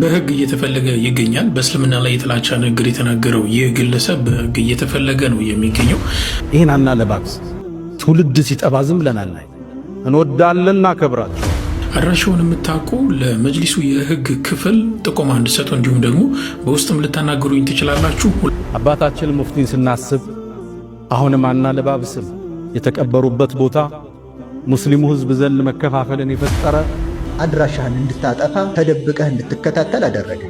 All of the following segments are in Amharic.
በህግ እየተፈለገ ይገኛል። በእስልምና ላይ የጥላቻ ንግግር የተናገረው ይህ ግለሰብ በህግ እየተፈለገ ነው የሚገኘው። ይህን አና ለባብስ ትውልድ ሲጠባ ዝም ብለናል። እንወዳለን፣ እናከብራለን። አድራሻውን የምታውቁ ለመጅሊሱ የህግ ክፍል ጥቆማ እንድሰጡ እንዲሁም ደግሞ በውስጥም ልታናገሩኝ ትችላላችሁ። አባታችን ሙፍቲን ስናስብ አሁንም አና ለባብስም የተቀበሩበት ቦታ ሙስሊሙ ህዝብ ዘንድ መከፋፈልን የፈጠረ አድራሻህን እንድታጠፋ ተደብቀህ እንድትከታተል አደረገ።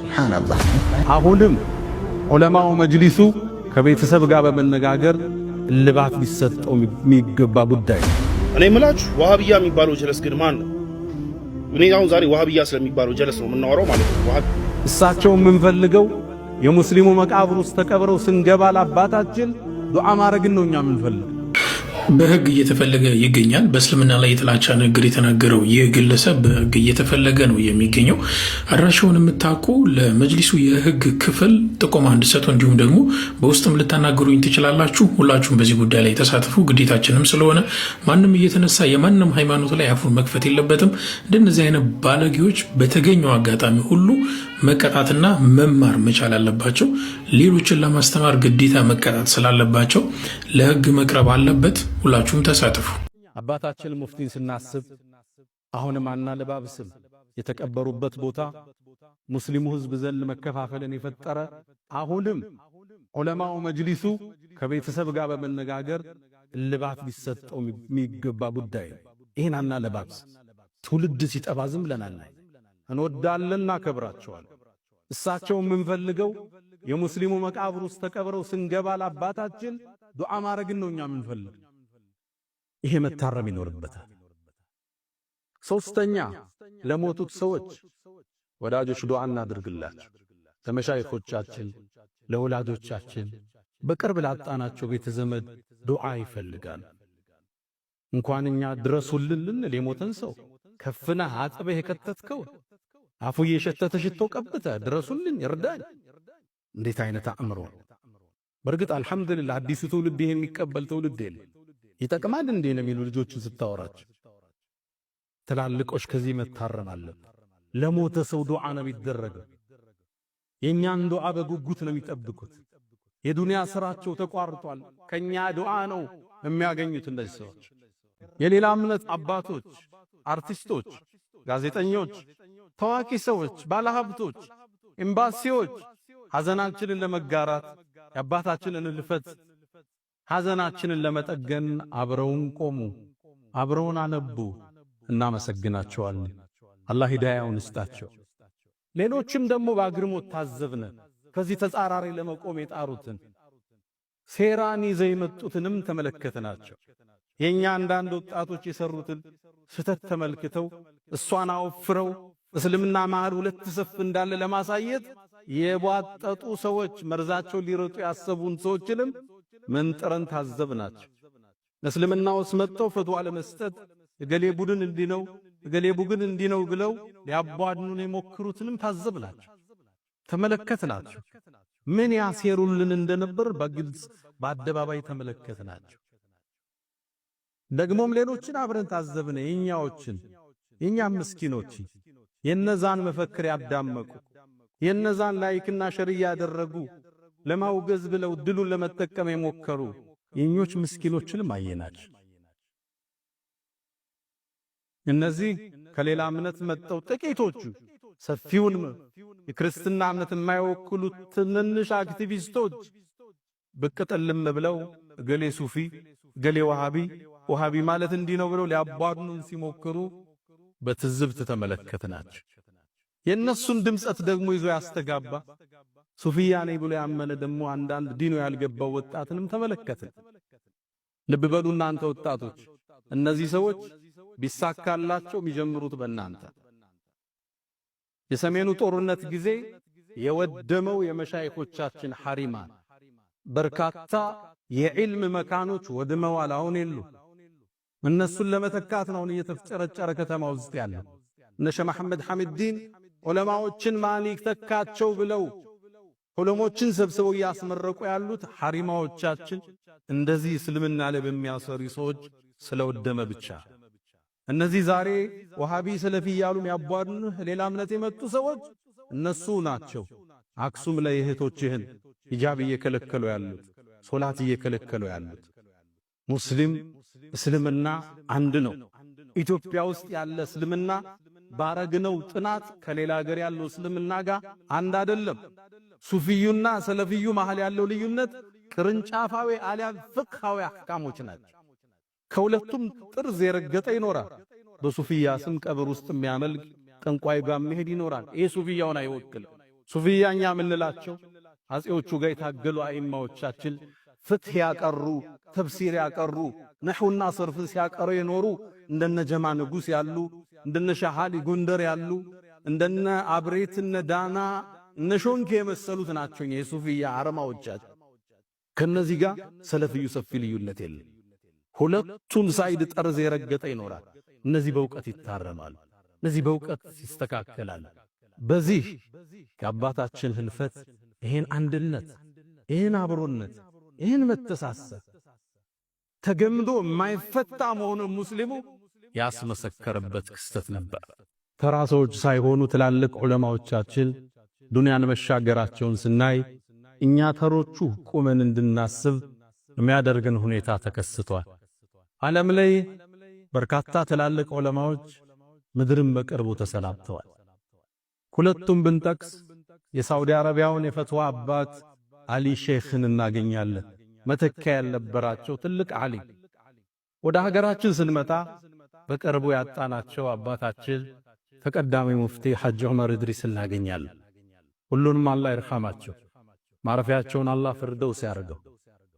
ሱብሓነላህ። አሁንም ዑለማው መጅሊሱ ከቤተሰብ ጋር በመነጋገር እልባት ሊሰጠው የሚገባ ጉዳይ እኔ ምላችሁ ዋሃብያ የሚባለው ጀለስ ግን ማን ነው? እኔ አሁን ዛሬ ዋሃብያ ስለሚባለው ጀለስ ነው የምናወራው ማለት ነው። እሳቸው የምንፈልገው የሙስሊሙ መቃብር ውስጥ ተቀብረው ስንገባ ለአባታችን ዱዓ ማድረግን ነው እኛ የምንፈልገው። በህግ እየተፈለገ ይገኛል። በእስልምና ላይ የጥላቻ ንግግር የተናገረው ይህ ግለሰብ በህግ እየተፈለገ ነው የሚገኘው። አድራሻውን የምታውቁ ለመጅሊሱ የህግ ክፍል ጥቆማ እንድሰጡ እንዲሁም ደግሞ በውስጥም ልታናገሩኝ ትችላላችሁ። ሁላችሁም በዚህ ጉዳይ ላይ ተሳትፉ፣ ግዴታችንም ስለሆነ ማንም እየተነሳ የማንም ሃይማኖት ላይ አፉን መክፈት የለበትም። እንደነዚህ አይነት ባለጌዎች በተገኘው አጋጣሚ ሁሉ መቀጣትና መማር መቻል አለባቸው። ሌሎችን ለማስተማር ግዴታ መቀጣት ስላለባቸው ለህግ መቅረብ አለበት። ሁላችሁም ተሳትፉ። አባታችን ሙፍቲን ስናስብ አሁንም አና ለባብስም የተቀበሩበት ቦታ ሙስሊሙ ህዝብ ዘንድ መከፋፈልን የፈጠረ አሁንም ዑለማው መጅሊሱ ከቤተሰብ ጋር በመነጋገር እልባት ሊሰጠው የሚገባ ጉዳይ ነው። ይህን አና ትውልድ ሲጠፋ ዝም ብለናል። እንወዳለን፣ እናከብራቸዋለን። እሳቸው የምንፈልገው የሙስሊሙ መቃብር ውስጥ ተቀብረው ስንገባ ለአባታችን ዱዓ ማድረግን ነው እኛ የምንፈልግ ይሄ መታረም ይኖርበታል። ሶስተኛ ለሞቱት ሰዎች ወዳጆች ዱዓ እናድርግላችሁ። ለመሻይኾቻችን፣ ለወላጆቻችን፣ በቅርብ ላጣናቸው ቤተ ዘመድ ዱዓ ይፈልጋል። እንኳን እኛ ድረሱልን ልንል የሞተን ሰው ከፍነህ አጥበህ የከተትከው አፉ የሸተተ ሽቶ ቀብተ ድረሱልን ይርዳኝ። እንዴት አይነት አእምሮ! በእርግጥ አልሐምዱሊላህ አዲሱ ትውልድ ይሄን የሚቀበል ትውልድ የለም። ይጠቅማል እንዴ ነው የሚሉ ልጆችን ስታወራቸው ትላልቆች ከዚህ መታረም አለብን። ለሞተ ሰው ዱዓ ነው የሚደረገው። የእኛን ዱዓ በጉጉት ነው የሚጠብቁት። የዱንያ ስራቸው ተቋርጧል። ከኛ ዱዓ ነው የሚያገኙት። እንደዚህ ሰዎች የሌላ እምነት አባቶች፣ አርቲስቶች፣ ጋዜጠኞች፣ ታዋቂ ሰዎች፣ ባለሀብቶች፣ ኤምባሲዎች ሐዘናችንን ለመጋራት የአባታችንን ልፈት ሐዘናችንን ለመጠገን አብረውን ቆሙ፣ አብረውን አነቡ። እናመሰግናቸዋለን። አላህ ሂዳያውን ይስጣቸው። ሌሎችም ደግሞ በአግርሞት ታዘብነ ከዚህ ተጻራሪ ለመቆም የጣሩትን ሴራን ይዘው የመጡትንም ተመለከትናቸው። የእኛ አንዳንድ ወጣቶች የሰሩትን ስህተት ተመልክተው እሷን አወፍረው እስልምና መሃል ሁለት ሰፍ እንዳለ ለማሳየት የቧጠጡ ሰዎች መርዛቸው ሊረጡ ያሰቡን ሰዎችንም መንጥረን ታዘብ ናቸው። እስልምና ውስጥ መጥተው ፈትዋ ለመስጠት እገሌ ቡድን እንዲህ ነው እገሌ ቡድን እንዲህ ነው ብለው ሊያቧድኑን የሞክሩትንም ታዘብ ናቸው፣ ተመለከት ናቸው። ምን ያሴሩልን እንደነበር በግልጽ በአደባባይ ተመለከት ናቸው። ደግሞም ሌሎችን አብረን ታዘብን። የኛዎችን የኛም ምስኪኖች የነዛን መፈክር ያዳመቁ የነዛን ላይክና ሸር ያደረጉ ለማውገዝ ብለው ድሉን ለመጠቀም የሞከሩ የኞች ምስኪኖችንም አየናቸው። እነዚህ ከሌላ እምነት መጠው ጥቂቶቹ ሰፊውን የክርስትና እምነት የማይወክሉ ትንንሽ አክቲቪስቶች ብቅ ጥልም ብለው እገሌ ሱፊ፣ እገሌ ወሃቢ፣ ወሃቢ ማለት እንዲህ ነው ብለው ሊያባዱን ሲሞክሩ በትዝብት ተመለከትናቸው። የእነሱን ድምፀት ደግሞ ይዞ ያስተጋባ ሱፊያ ነኝ ብሎ ያመነ ደግሞ አንዳንድ ዲኑ ያልገባው ወጣትንም ተመለከትን። ልብ በሉ እናንተ ወጣቶች፣ እነዚህ ሰዎች ቢሳካላቸው የሚጀምሩት በእናንተ። የሰሜኑ ጦርነት ጊዜ የወደመው የመሻይኮቻችን ሐሪማን በርካታ የዕልም መካኖች ወድመዋል፣ አሁን የሉ። እነሱን ለመተካት ነው እየተፍጨረጨረ ከተማ ውስጥ ያለው። እነ ሸህ መሐመድ ሐሚድዲን ዑለማዎችን ማን ይተካቸው ብለው ዑለሞችን ሰብስበው እያስመረቁ ያሉት ሐሪማዎቻችን እንደዚህ እስልምና ላይ በሚያሰሩ ሰዎች ስለወደመ ብቻ። እነዚህ ዛሬ ወሃቢ ሰለፊ እያሉ ያቧድኑህ ሌላ እምነት የመጡ ሰዎች እነሱ ናቸው። አክሱም ላይ እህቶችህን ሂጃብ እየከለከሉ ያሉት፣ ሶላት እየከለከሉ ያሉት። ሙስሊም እስልምና አንድ ነው። ኢትዮጵያ ውስጥ ያለ እስልምና ባረግነው ጥናት ከሌላ ሀገር ያለው እስልምና ጋር አንድ አይደለም። ሱፊዩና ሰለፊዩ መሃል ያለው ልዩነት ቅርንጫፋዊ አልያም ፍቅሃዊ አህካሞች ናቸው። ከሁለቱም ጥርዝ የረገጠ ይኖራል። በሱፊያ ስም ቀብር ውስጥ የሚያመልክ ጠንቋይ ጋር መሄድ ይኖራል። ይሄ ሱፊያውን አይወክልም። ሱፊያኛ የምንላቸው አጼዎቹ ጋር የታገሉ አይማዎቻችን ፍትህ ያቀሩ፣ ተፍሲር ያቀሩ፣ ነህውና ሰርፍን ሲያቀሩ የኖሩ እንደነ ጀማ ንጉስ ያሉ እንደነ ሻሃሊ ጎንደር ያሉ እንደነ አብሬትነ ዳና እነ ሾንኬ የመሰሉት ናቸው የሱፍያ አረማዎቻቸው። ከነዚህ ጋር ሰለፍዩ ሰፊ ልዩነት የለም። ሁለቱም ሳይድ ጠርዝ የረገጠ ይኖራል። እነዚህ በእውቀት ይታረማሉ፣ እነዚህ በእውቀት ይስተካከላሉ። በዚህ ከአባታችን ህንፈት ይህን አንድነት፣ ይህን አብሮነት፣ ይህን መተሳሰብ ተገምዶ የማይፈታ መሆኑን ሙስሊሙ ያስመሰከረበት ክስተት ነበር። ተራ ሰዎች ሳይሆኑ ትላልቅ ዑለማዎቻችን ዱንያን መሻገራቸውን ስናይ እኛ ተሮቹ ቁመን እንድናስብ የሚያደርገን ሁኔታ ተከስቷል። ዓለም ላይ በርካታ ትላልቅ ዑለማዎች ምድርን በቅርቡ ተሰላብተዋል። ሁለቱም ብንጠቅስ የሳውዲ አረቢያውን የፈትዋ አባት አሊ ሼኽን እናገኛለን። መተካ ያልነበራቸው ትልቅ ዓሊ። ወደ ሀገራችን ስንመጣ በቅርቡ ያጣናቸው አባታችን ተቀዳሚ ሙፍቲ ሐጅ ዑመር እድሪስ እናገኛለን። ሁሉንም አላህ ይርሃማቸው። ማረፊያቸውን አላህ ፍርደውስ ያርገው።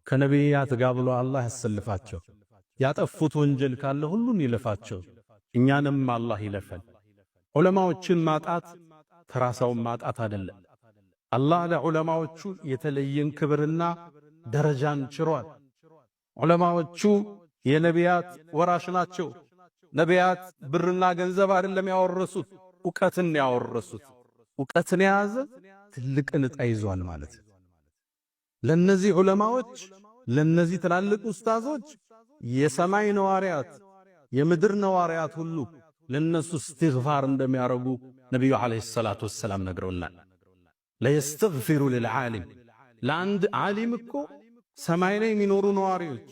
ከነቢያት ጋር ብሎ አላህ ያሰልፋቸው። ያጠፉት ወንጀል ካለ ሁሉን ይለፋቸው፣ እኛንም አላህ ይለፈን። ዑለማዎችን ማጣት ተራሳውን ማጣት አይደለም። አላህ ለዑለማዎቹ የተለየን ክብርና ደረጃን ችሯል። ዑለማዎቹ የነቢያት ወራሽ ናቸው። ነቢያት ብርና ገንዘብ አይደለም ያወረሱት፣ እውቀትን ያወረሱት እውቀትን የያዘ ትልቅን ዕጣ ይዟል ማለት ነው። ለነዚህ ዑለማዎች ለነዚህ ትላልቅ ኡስታዞች የሰማይ ነዋሪያት የምድር ነዋሪያት ሁሉ ለነሱ እስትግፋር እንደሚያረጉ ነቢዩ ዓለይሂ ሰላቱ ወሰላም ነግረውናል። ለየስተግፊሩ ልልዓሊም ለአንድ ዓሊም እኮ ሰማይ ላይ የሚኖሩ ነዋሪዎች፣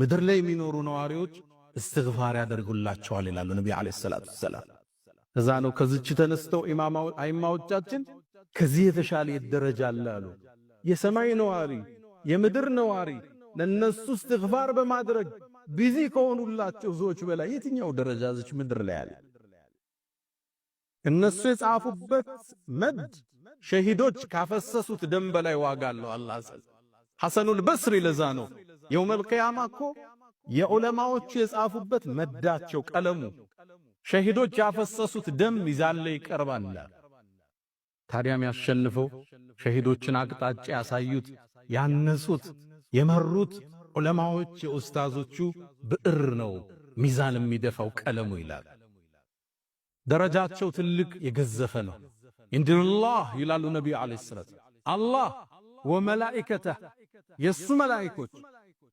ምድር ላይ የሚኖሩ ነዋሪዎች እስትግፋር ያደርጉላቸዋል ይላሉ ነቢዩ ዓለይሂ ሰላቱ ወሰላም። እዛ ነው ከዚች ተነስተው አይማዎቻችን ከዚህ የተሻለ ደረጃ አለ አሉ። የሰማይ ነዋሪ የምድር ነዋሪ ለነሱ እስትግፋር በማድረግ ቢዚ ከሆኑላቸው ሰዎች በላይ የትኛው ደረጃ እዚች ምድር ላይ አለ? እነሱ የጻፉበት መድ ሸሂዶች ካፈሰሱት ደም በላይ ዋጋ አለው። አላህ ዘል ሐሰኑል በስሪ ለዛ ነው የውመል ቂያማ እኮ የዑለማዎቹ የጻፉበት መዳቸው ቀለሙ ሸሂዶች ያፈሰሱት ደም ይዛለ ይቀርባል። ታዲያም ያሸንፈው ሸሂዶችን አቅጣጫ ያሳዩት ያነሱት የመሩት ዑለማዎች የኡስታዞቹ ብዕር ነው ሚዛን የሚደፋው ቀለሙ ይላል። ደረጃቸው ትልቅ የገዘፈ ነው። እንድንላህ ይላሉ ነቢዩ ዓለይሂ ሰላቱ አላህ ወመላኢከተህ የእሱ መላኢኮች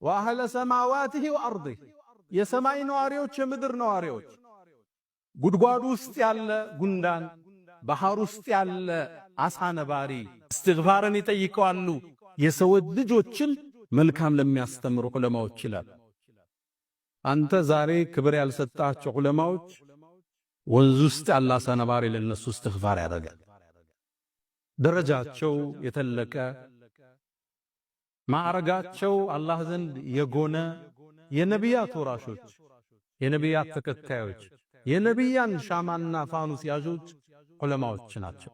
ወአህለ ሰማዋትህ ወአርድህ የሰማይ ነዋሪዎች የምድር ነዋሪዎች ጉድጓድ ውስጥ ያለ ጉንዳን፣ ባህር ውስጥ ያለ አሳ ነባሪ እስትግፋርን ይጠይቀዋሉ። የሰው ልጆችን መልካም ለሚያስተምሩ ዑለማዎች ይላል። አንተ ዛሬ ክብር ያልሰጣቸው ዑለማዎች ወንዝ ውስጥ ያለ አሳ ነባሪ ለነሱ እስትግፋር ያደርጋል። ደረጃቸው የተለቀ ማዕረጋቸው አላህ ዘንድ የጎነ የነቢያት ወራሾች የነቢያት ተከታዮች የነቢያን ሻማና ፋኑስ ያዦች ዑለማዎች ናቸው።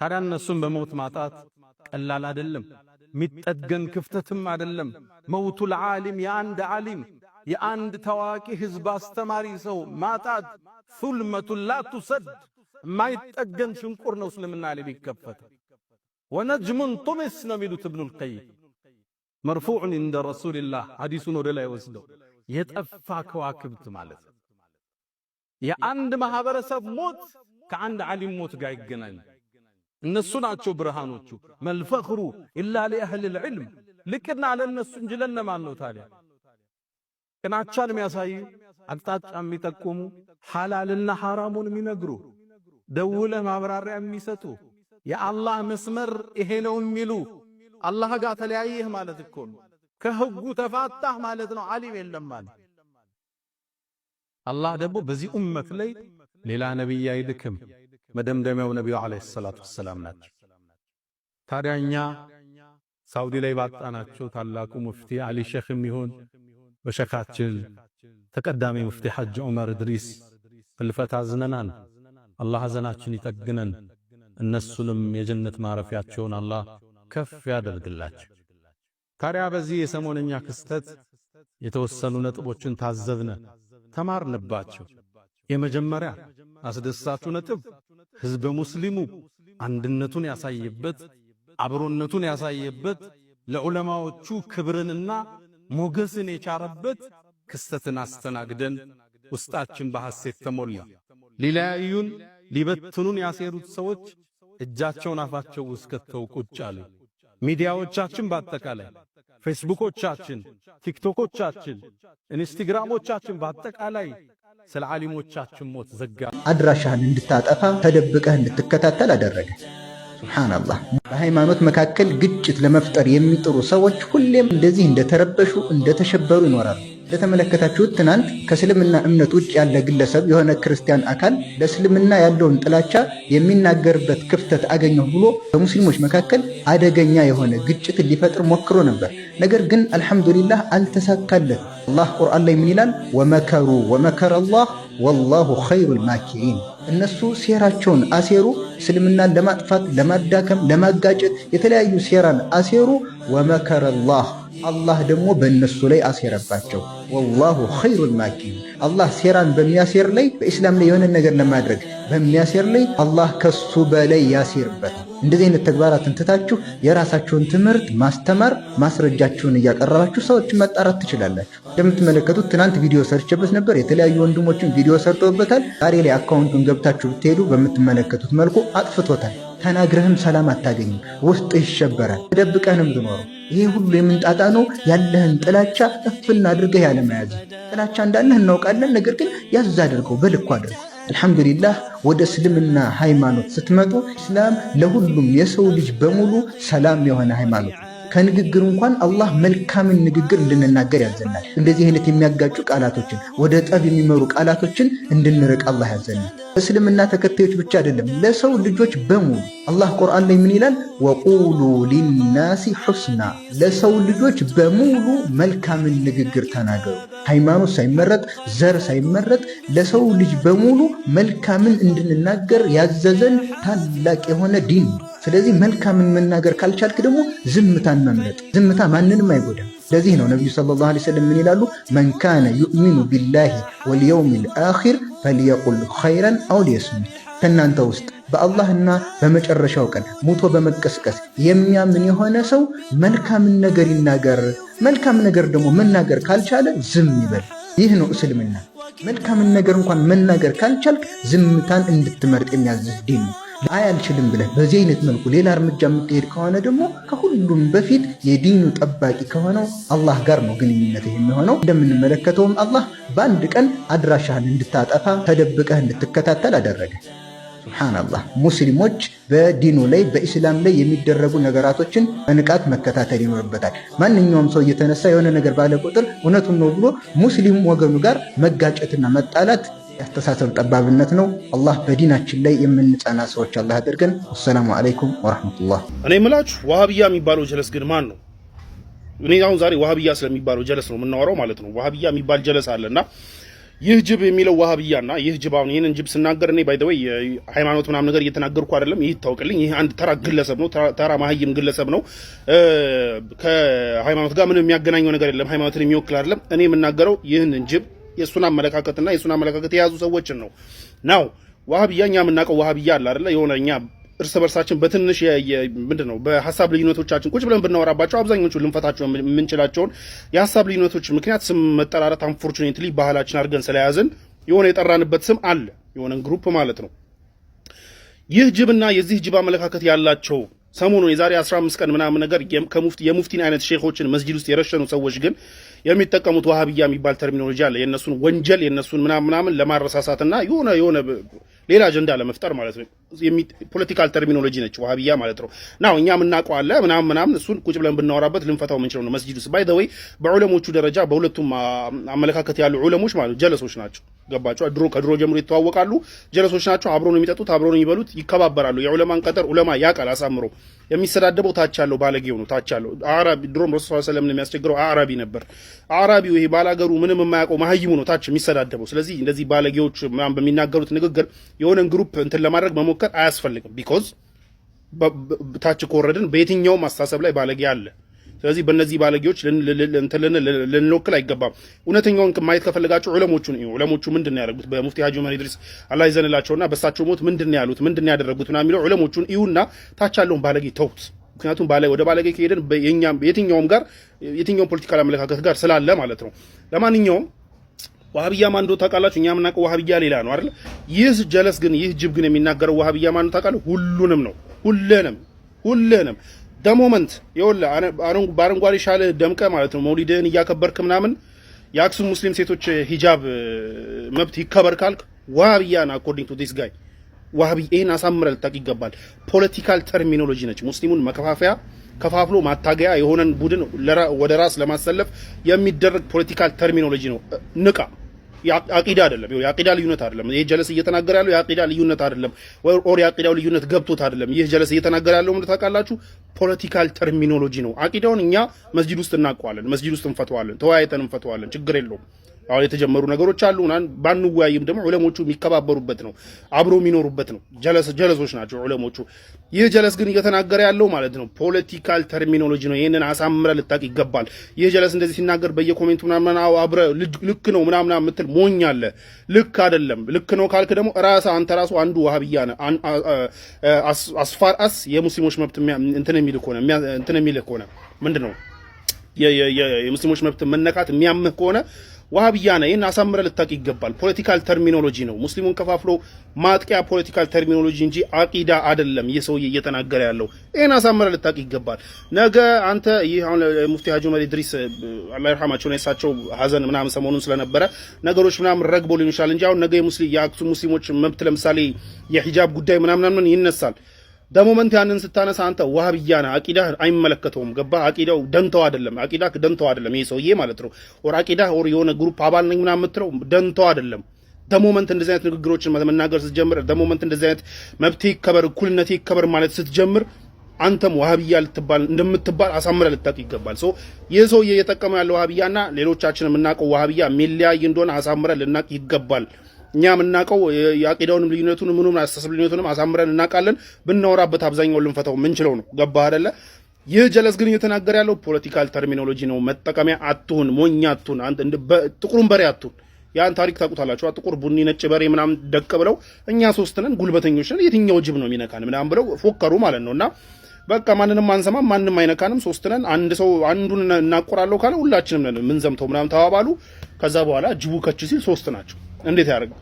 ታዲያ እነሱን በሞት ማጣት ቀላል አይደለም፣ ሚጠገን ክፍተትም አይደለም። መውቱል ዓሊም የአንድ ዓሊም የአንድ ታዋቂ ሕዝብ አስተማሪ ሰው ማጣት ሱልመቱን ላ የማይጠገን ሽንቁር ነው። እስልምና ላይ ቢከፈት ወነጅሙን ጡሚስ ነው የሚሉት እብኑል ቀይም መርፉዕን እንደ ረሱልላህ ሐዲሱን ወደ ላይ ወስደው የጠፋ ከዋክብት ማለት ነው። የአንድ ማህበረሰብ ሞት ከአንድ ዓሊም ሞት ጋር ይገናኝ። እነሱ ናቸው ብርሃኖቹ። መልፈኽሩ ኢላ ሊአህል ልዕልም ልቅና ለእነሱ እንጂ ለነማን ነው ታዲያ? ቅናቻን የሚያሳዩ አቅጣጫ የሚጠቁሙ ሓላልና ሓራሙን የሚነግሩ ደውለህ ማብራሪያ የሚሰጡ የአላህ መስመር ይሄ ነው የሚሉ አላህ ጋር ተለያየህ ማለት እኮ ነው። ከህጉ ተፋታህ ማለት ነው። ዓሊም የለም ማለት አላህ ደግሞ በዚህ ኡመት ላይ ሌላ ነቢይ አይልክም። መደምደሚያው ነቢዩ ዓለይሂ ሰላቱ ወሰላም ናቸው። ታዲያኛ ሳውዲ ላይ ባጣናቸው ታላቁ ሙፍቲ አሊ ሼኽም ይሁን በሸካችን ተቀዳሚ ሙፍቲ ሐጅ ዑመር እድሪስ ህልፈት አዝነናል። አላህ ሐዘናችን ይጠግነን። እነሱንም የጀነት ማረፊያቸውን አላህ ከፍ ያደርግላቸው። ታዲያ በዚህ የሰሞነኛ ክስተት የተወሰኑ ነጥቦችን ታዘብነ። ተማርንባቸው። የመጀመሪያ አስደሳቹ ነጥብ ሕዝበ ሙስሊሙ አንድነቱን ያሳየበት፣ አብሮነቱን ያሳየበት፣ ለዑለማዎቹ ክብርንና ሞገስን የቻረበት ክስተትን አስተናግደን ውስጣችን በሐሴት ተሞላ። ሊለያዩን ሊበትኑን ያሴሩት ሰዎች እጃቸውን አፋቸው ውስጥ ከተው ቁጭ አሉ። ሚዲያዎቻችን በአጠቃላይ ፌስቡኮቻችን፣ ቲክቶኮቻችን፣ ኢንስታግራሞቻችን በአጠቃላይ ስለ ዓሊሞቻችን ሞት ዘጋ። አድራሻህን እንድታጠፋ ተደብቀህ እንድትከታተል አደረገ። ሱብሓነላህ። በሃይማኖት መካከል ግጭት ለመፍጠር የሚጥሩ ሰዎች ሁሌም እንደዚህ እንደተረበሹ እንደተሸበሩ ይኖራሉ። እንደተመለከታችሁት ትናንት ከእስልምና እምነት ውጭ ያለ ግለሰብ የሆነ ክርስቲያን አካል ለእስልምና ያለውን ጥላቻ የሚናገርበት ክፍተት አገኘሁ ብሎ በሙስሊሞች መካከል አደገኛ የሆነ ግጭት ሊፈጥር ሞክሮ ነበር። ነገር ግን አልሐምዱሊላህ አልተሳካለት። አላህ ቁርአን ላይ ምን ይላል? ወመከሩ ወመከረ አላህ ወላሁ ኸይሩል ማኪሪን። እነሱ ሴራቸውን አሴሩ። እስልምናን ለማጥፋት፣ ለማዳከም፣ ለማጋጨት የተለያዩ ሴራን አሴሩ። ወመከረ አላህ አላህ ደግሞ በእነሱ ላይ አሴረባቸው። ወላሁ ኸይሩል ማኪሪን። አላህ ሴራን በሚያሴር ላይ በኢስላም ላይ የሆነ ነገር ለማድረግ በሚያሴር ላይ አላህ ከሱ በላይ ያሴርበት። እንደዚህ አይነት ተግባራት ትታችሁ የራሳችሁን ትምህርት ማስተማር ማስረጃችሁን እያቀረባችሁ ሰዎችን ማጣራት ትችላላችሁ። እንደምትመለከቱት ትናንት ቪዲዮ ሰርቼበት ነበር። የተለያዩ ወንድሞችን ቪዲዮ ሰርተውበታል። ዛሬ ላይ አካውንቱን ገብታችሁ ብትሄዱ በምትመለከቱት መልኩ አጥፍቶታል። ተናግረህም ሰላም አታገኝም። ውስጥ ይሸበራል። ተደብቀንም ብኖረው ይሄ ሁሉ የምንጣጣ ነው። ያለህን ጥላቻ እፍና አድርገህ ያለመያዝ ጥላቻ እንዳለህ እናውቃለን። ነገር ግን ያዝ አድርገው፣ በልኩ አድርገው። አልሐምዱሊላህ ወደ እስልምና ሃይማኖት ስትመጡ እስላም ለሁሉም የሰው ልጅ በሙሉ ሰላም የሆነ ሃይማኖት ከንግግር እንኳን አላህ መልካምን ንግግር እንድንናገር ያዘናል። እንደዚህ አይነት የሚያጋጩ ቃላቶችን፣ ወደ ጠብ የሚመሩ ቃላቶችን እንድንርቅ አላህ ያዘናል። እስልምና ተከታዮች ብቻ አይደለም፣ ለሰው ልጆች በሙሉ አላህ ቁርአን ላይ ምን ይላል? ወቁሉ ሊናሲ ሑስና፣ ለሰው ልጆች በሙሉ መልካምን ንግግር ተናገሩ። ሃይማኖት ሳይመረጥ ዘር ሳይመረጥ ለሰው ልጅ በሙሉ መልካምን እንድንናገር ያዘዘን ታላቅ የሆነ ዲን። ስለዚህ መልካምን መናገር ካልቻልክ ደግሞ ዝምታን መምረጥ። ዝምታ ማንንም አይጎዳም። ለዚህ ነው ነቢዩ ሰለላሁ ዐለይሂ ወሰለም ምን ይላሉ? መን ካነ ዩእሚኑ ቢላሂ ወልየውሚል አኺር ፈልየቁል ኸይረን አው ሊየስሙት ከእናንተ ውስጥ በአላህና በመጨረሻው ቀን ሙቶ በመቀስቀስ የሚያምን የሆነ ሰው መልካምን ነገር ይናገር። መልካም ነገር ደግሞ መናገር ካልቻለ ዝም ይበል። ይህ ነው እስልምና። መልካምን ነገር እንኳን መናገር ካልቻልክ ዝምታን እንድትመርጥ የሚያዝህ ዲን ነው። ላይ አልችልም ብለህ በዚህ አይነት መልኩ ሌላ እርምጃ የምትሄድ ከሆነ ደግሞ ከሁሉም በፊት የዲኑ ጠባቂ ከሆነው አላህ ጋር ነው ግንኙነት የሚሆነው። እንደምንመለከተውም አላህ በአንድ ቀን አድራሻህን እንድታጠፋ ተደብቀህ እንድትከታተል አደረገ። ሱብሃነላህ ሙስሊሞች በዲኑ ላይ በኢስላም ላይ የሚደረጉ ነገራቶችን በንቃት መከታተል ይኖርበታል። ማንኛውም ሰው እየተነሳ የሆነ ነገር ባለ ቁጥር እውነቱን ነው ብሎ ሙስሊም ወገኑ ጋር መጋጨትና መጣላት የአስተሳሰብ ጠባብነት ነው። አላህ በዲናችን ላይ የምንጸና ሰዎች አላህ አድርገን። አሰላሙ አለይኩም ወረህመቱላህ። እኔ ምላችሁ ዋሃብያ የሚባለው ጀለስ ግን ማን ነው? እኔ አሁን ዛሬ ዋሃብያ ስለሚባለው ጀለስ ነው የምናወራው ማለት ነው። ዋሃብያ የሚባል ጀለስ አለና ይህ ጅብ የሚለው ዋሃብያ እና ይህ ጅብ አሁን ይህንን ጅብ ስናገር እኔ ባይ ወይ ሃይማኖት ምናምን ነገር እየተናገርኩ አይደለም። ይህ ይታወቅልኝ። ይህ አንድ ተራ ግለሰብ ነው፣ ተራ ማህይም ግለሰብ ነው። ከሃይማኖት ጋር ምንም የሚያገናኘው ነገር የለም። ሃይማኖትን የሚወክል አይደለም። እኔ የምናገረው ይህንን ጅብ የእሱን አመለካከትና የእሱን አመለካከት የያዙ ሰዎችን ነው ናው ዋሃብያ እኛ የምናውቀው ዋሃብያ አለ አይደለ? የሆነ እኛ እርስ በርሳችን በትንሽ ምንድን ነው በሀሳብ ልዩነቶቻችን ቁጭ ብለን ብናወራባቸው አብዛኞቹ ልንፈታቸው የምንችላቸውን የሀሳብ ልዩነቶች ምክንያት ስም መጠራረት አንፎርቹኔትሊ ባህላችን አድርገን ስለያዝን የሆነ የጠራንበት ስም አለ፣ የሆነን ግሩፕ ማለት ነው። ይህ ጅብና የዚህ ጅብ አመለካከት ያላቸው ሰሞኑን የዛሬ 15 ቀን ምናምን ነገር የሙፍቲን አይነት ሼኮችን መስጂድ ውስጥ የረሸኑ ሰዎች ግን የሚጠቀሙት ዋሃብያ የሚባል ተርሚኖሎጂ አለ። የእነሱን ወንጀል የእነሱን ምናምን ምናምን ለማረሳሳትና የሆነ የሆነ ሌላ አጀንዳ ለመፍጠር ማለት ነው። ፖለቲካል ተርሚኖሎጂ ነች ዋሃብያ ማለት ነው። ናው እኛ የምናውቀው አለ ምናምን ምናምን እሱን ቁጭ ብለን ብናወራበት ልንፈታው የምንችለው ነው። መስጂድ ውስጥ ባይ ወይ በዑለሞቹ ደረጃ በሁለቱም አመለካከት ያሉ ዑለሞች ማለት ጀለሶች ናቸው። ገባቸው ድሮ ከድሮ ጀምሮ ይተዋወቃሉ። ጀለሶች ናቸው። አብሮ ነው የሚጠጡት፣ አብሮ ነው የሚበሉት፣ ይከባበራሉ። የዑለማን ቀጠር ዑለማ ያቃል አሳምሮ። የሚሰዳደበው ታች ያለው ባለጌው ነው። ታች ያለው አራቢ ድሮም ረሱ ስ ዐለይሂ የሚያስቸግረው አራቢ ነበር። አራቢው ይሄ ባላገሩ ምንም የማያውቀው መሀይሙ ነው ታች የሚሰዳደበው። ስለዚህ እንደዚህ ባለጌዎች ምናምን በሚናገሩት ንግግር የሆነን ግሩፕ እንትን ለማድረግ መሞከር አያስፈልግም። ቢኮዝ ታች ከወረድን በየትኛውም አስተሳሰብ ላይ ባለጌ አለ። ስለዚህ በእነዚህ ባለጌዎች ልንወክል አይገባም። እውነተኛውን ማየት ከፈለጋችሁ ዑለሞቹ እዩ። ዑለሞቹ ምንድን ነው ያደረጉት? በሙፍቲ ሀጂ ዑመር ኢድሪስ አላህ ይዘንላቸውና በሳቸው ሞት ምንድን ያሉት? ምንድን ያደረጉት? ምናምን የሚለው ዑለሞቹን እዩና ታች ያለውን ባለጌ ተውት። ምክንያቱም ባለ ወደ ባለጌ ከሄደን የትኛውም ጋር የትኛውም ፖለቲካ አመለካከት ጋር ስላለ ማለት ነው። ለማንኛውም ዋህብያ ማንዶ ታውቃላችሁ? እኛ የምናውቀው ዋህብያ ሌላ ነው አይደል? ይህ ጀለስ ግን ይህ ጅብ ግን የሚናገረው ዋህብያ ማንዶ ታውቃለህ? ሁሉንም ነው ሁለንም ሁለንም ደሞመንት ይኸውልህ፣ በአረንጓዴ ሻለ ደምቀ ማለት ነው መውሊድህን እያከበርክ ምናምን የአክሱም ሙስሊም ሴቶች ሂጃብ መብት ይከበር ካልክ ዋህብያን አኮርዲንግ ቱ ዲስ ጋይ ዋህቢ ይህን አሳምረ ልታቅ ይገባል። ፖለቲካል ተርሚኖሎጂ ነች። ሙስሊሙን መከፋፈያ ከፋፍሎ ማታገያ የሆነን ቡድን ወደ ራስ ለማሰለፍ የሚደረግ ፖለቲካል ተርሚኖሎጂ ነው። ንቃ። የአቂዳ አይደለም። የአቂዳ ልዩነት አይደለም። ይህ ጀለስ እየተናገረ ያለው የአቂዳ ልዩነት አይደለም። ኦር የአቂዳው ልዩነት ገብቶት አይደለም። ይህ ጀለስ እየተናገረ ያለው ምን ታውቃላችሁ? ፖለቲካል ተርሚኖሎጂ ነው። አቂዳውን እኛ መስጂድ ውስጥ እናውቀዋለን። መስጂድ ውስጥ እንፈተዋለን። ተወያይተን እንፈተዋለን። ችግር የለውም። አሁን የተጀመሩ ነገሮች አሉ። ባንወያይም ደግሞ ዑለሞቹ የሚከባበሩበት ነው፣ አብሮ የሚኖሩበት ነው። ጀለሶች ናቸው ዑለሞቹ። ይህ ጀለስ ግን እየተናገረ ያለው ማለት ነው ፖለቲካል ተርሚኖሎጂ ነው። ይህንን አሳምረ ልታቅ ይገባል። ይህ ጀለስ እንደዚህ ሲናገር በየኮሜንቱ ምናምን አብረ ልክ ነው ምናምና የምትል ሞኝ አለ። ልክ አይደለም። ልክ ነው ካልክ ደግሞ ራስ አንተ ራሱ አንዱ ዋህብያ ነህ። አስፋር አስ የሙስሊሞች መብት እንትን የሚል ከሆነ እንትን የሚል ከሆነ ምንድን ነው የሙስሊሞች መብት መነካት የሚያምህ ከሆነ ዋሃብያ ነህ። ይህን አሳምረ ልታቅ ይገባል። ፖለቲካል ተርሚኖሎጂ ነው። ሙስሊሙን ከፋፍሎ ማጥቂያ ፖለቲካል ተርሚኖሎጂ እንጂ አቂዳ አይደለም። ይህ ሰውዬ እየተናገረ ያለው ይህን አሳምረ ልታቅ ይገባል። ነገ አንተ ይህ አሁን ሙፍቲ ሀጂ ዑመር ኢድሪስ አላህ ይርሐማቸው ነው የሳቸው ሀዘን ምናምን ሰሞኑን ስለነበረ ነገሮች ምናምን ረግቦ ሊሆን ይችላል እንጂ አሁን ነገ የሙስሊሞች መብት ለምሳሌ የሂጃብ ጉዳይ ምናምን ይነሳል። ደሞመንት ያንን ስታነሳ አንተ ዋህብያ ነህ። አቂዳ አይመለከተውም። ገባ አቂዳው ደንተው አይደለም። አቂዳ ደንተው አይደለም። ይሄ ሰውዬ ማለት ነው። ወር አቂዳ ወር የሆነ ግሩፕ አባል ነኝ ምናምን የምትለው ደንተው አይደለም። ደሞመንት እንደዚህ አይነት ንግግሮችን መናገር ስትጀምር፣ ደሞመንት እንደዚህ አይነት መብቴ ይከበር፣ እኩልነቴ ይከበር ማለት ስትጀምር አንተም ዋህብያ ልትባል እንደምትባል አሳምረ ልታቅ ይገባል። ሶ ይህ ሰውዬ እየጠቀመ ያለው ዋህብያና ሌሎቻችን የምናውቀው ዋህብያ ሚለያይ እንደሆነ አሳምረ ልናቅ ይገባል። እኛ የምናውቀው የአቂዳውንም ልዩነቱን ምኑም አስተሳሰብ ልዩነቱንም አሳምረን እናውቃለን። ብናወራበት አብዛኛው ልንፈተው ምንችለው ነው። ገባህ አይደለ? ይህ ጀለስ ግን እየተናገር ያለው ፖለቲካል ተርሚኖሎጂ ነው። መጠቀሚያ አትሁን፣ ሞኝ አትሁን፣ ጥቁሩን በሬ አትሁን። ያን ታሪክ ታውቁታላችሁ። ጥቁር፣ ቡኒ፣ ነጭ በሬ ምናምን ደቅ ብለው እኛ ሶስት ነን ጉልበተኞች ነን የትኛው ጅብ ነው የሚነካን ምናምን ብለው ፎከሩ ማለት ነው እና በቃ ማንንም አንሰማም፣ ማንም አይነካንም፣ ሶስት ነን። አንድ ሰው አንዱን እናቆራለሁ ካለ ሁላችንም ነን ዘምተው ምናምን ተባባሉ። ከዛ በኋላ ጅቡ ከች ሲል ሶስት ናቸው። እንዴት ያደርጋል?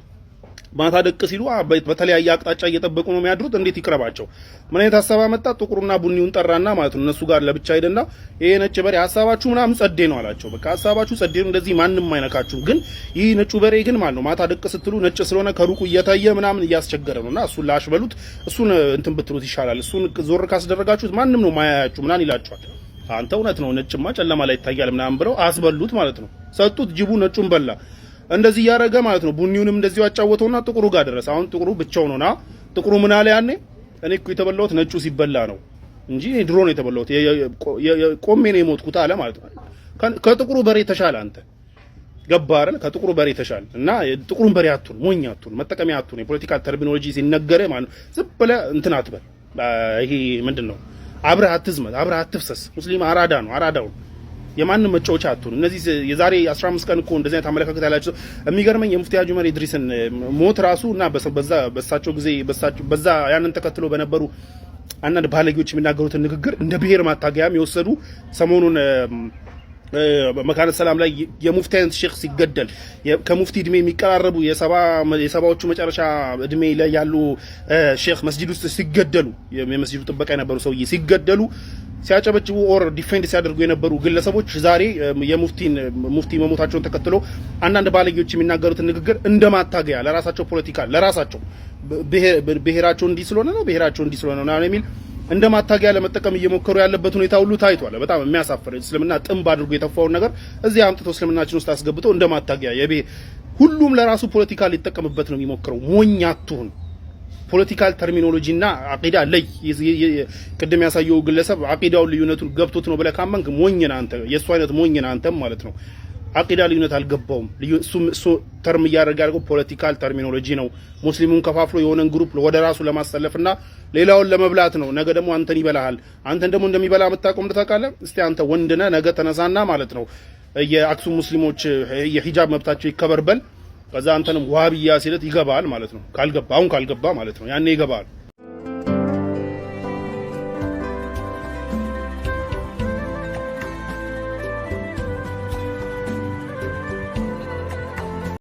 ማታ ደቅ ሲሉ በተለያየ አቅጣጫ እየጠበቁ ነው የሚያድሩት። እንዴት ይቅረባቸው? ምን አይነት ሀሳብ አመጣ? ጥቁሩና ቡኒውን ጠራና ማለት ነው እነሱ ጋር ለብቻ ሄደና ይሄ ነጭ በሬ ሀሳባችሁ ምናምን ጸዴ ነው አላቸው። በቃ ሀሳባችሁ ጸዴ ነው፣ እንደዚህ ማንም አይነካችሁም። ግን ይህ ነጩ በሬ ግን ማለት ነው ማታ ደቅ ስትሉ ነጭ ስለሆነ ከሩቁ እየታየ ምናምን እያስቸገረ ነውና እሱን ላሽ በሉት፣ እሱን እንትን ብትሉት ይሻላል። እሱን ዞር ካስደረጋችሁት ማንም ነው ማያያችሁ ምናምን ይላችኋል። አንተ እውነት ነው ነጭማ ጨለማ ላይ ይታያል ምናምን ብለው አስበሉት ማለት ነው። ሰጡት። ጅቡ ነጩን በላ። እንደዚህ እያደረገ ማለት ነው። ቡኒውንም እንደዚሁ አጫወተውና ጥቁሩ ጋር ደረሰ። አሁን ጥቁሩ ብቻው ነውና ጥቁሩ ምን አለ ያኔ እኔ እኮ የተበላሁት ነጩ ሲበላ ነው እንጂ ድሮ ነው የተበላሁት ቆሜ ነው የሞትኩት አለ ማለት ነው። ከጥቁሩ በሬ ተሻለ አንተ ገባ አይደል? ከጥቁሩ በሬ ተሻለ እና ጥቁሩን በሬ አትሁን፣ ሞኝ አትሁን፣ መጠቀሚያ አትሁን። የፖለቲካ ተርሚኖሎጂ ሲነገረ ማለት ነው ዝም ብለህ እንትን አትበል። ይሄ ምንድን ነው? አብረህ አትዝመት፣ አብረህ አትፍሰስ። ሙስሊም አራዳ ነው፣ አራዳው ነው። የማንም መጫወቻ አትሁን። እነዚህ የዛሬ 15 ቀን እኮ እንደዚህ አይነት አመለካከት ያላቸው የሚገርመኝ የሙፍቲ ሀጂ ዑመር ኢድሪስን ሞት ራሱ እና በዛ በሳቸው ጊዜ በዛ ያንን ተከትሎ በነበሩ አንዳንድ ባለጌዎች የሚናገሩትን ንግግር እንደ ብሔር ማታገያም የወሰዱ ሰሞኑን መካነት ሰላም ላይ የሙፍቲ አይነት ሼክ ሲገደል ከሙፍቲ እድሜ የሚቀራረቡ የሰባዎቹ መጨረሻ እድሜ ላይ ያሉ ሼክ መስጂድ ውስጥ ሲገደሉ የመስጂዱ ጥበቃ የነበሩ ሰውዬ ሲገደሉ ሲያጨበጭቡ ኦር ዲፌንድ ሲያደርጉ የነበሩ ግለሰቦች ዛሬ የሙፍቲን ሙፍቲ መሞታቸውን ተከትሎ አንዳንድ ባለጌዎች የሚናገሩትን ንግግር እንደ ማታገያ ለራሳቸው ፖለቲካ ለራሳቸው ብሔራቸው እንዲህ ስለሆነ ነው ብሔራቸው እንዲህ ስለሆነ ነው የሚል እንደ ማታገያ ለመጠቀም እየሞከሩ ያለበት ሁኔታ ሁሉ ታይቷል። በጣም የሚያሳፍር እስልምና ጥንብ አድርጎ የተፋውን ነገር እዚህ አምጥቶ እስልምናችን ውስጥ አስገብቶ እንደ ማታገያ ሁሉም ለራሱ ፖለቲካ ሊጠቀምበት ነው የሚሞክረው። ሞኝ አትሁን። ፖለቲካል ተርሚኖሎጂ እና አቂዳ ለይ። ቅድም ያሳየው ግለሰብ አቂዳውን ልዩነቱን ገብቶት ነው ብለህ ካመንክ ሞኝ ነህ አንተ፣ የእሱ አይነት ሞኝ ነህ አንተም ማለት ነው። አቂዳ ልዩነት አልገባውም። እሱ ተርም እያደረገ ያደርገው ፖለቲካል ተርሚኖሎጂ ነው። ሙስሊሙን ከፋፍሎ የሆነን ግሩፕ ወደ ራሱ ለማሰለፍ እና ሌላውን ለመብላት ነው። ነገ ደግሞ አንተን ይበላሃል። አንተን ደግሞ እንደሚበላ የምታቆም ታውቃለህ። እስቲ አንተ ወንድ ነህ፣ ነገ ተነሳና ማለት ነው የአክሱም ሙስሊሞች የሂጃብ መብታቸው ይከበርበል ከዛ አንተንም ውሃብያ ሲለት ይገባል ማለት ነው። ካልገባ አሁን ካልገባ ማለት ነው ያኔ ይገባል።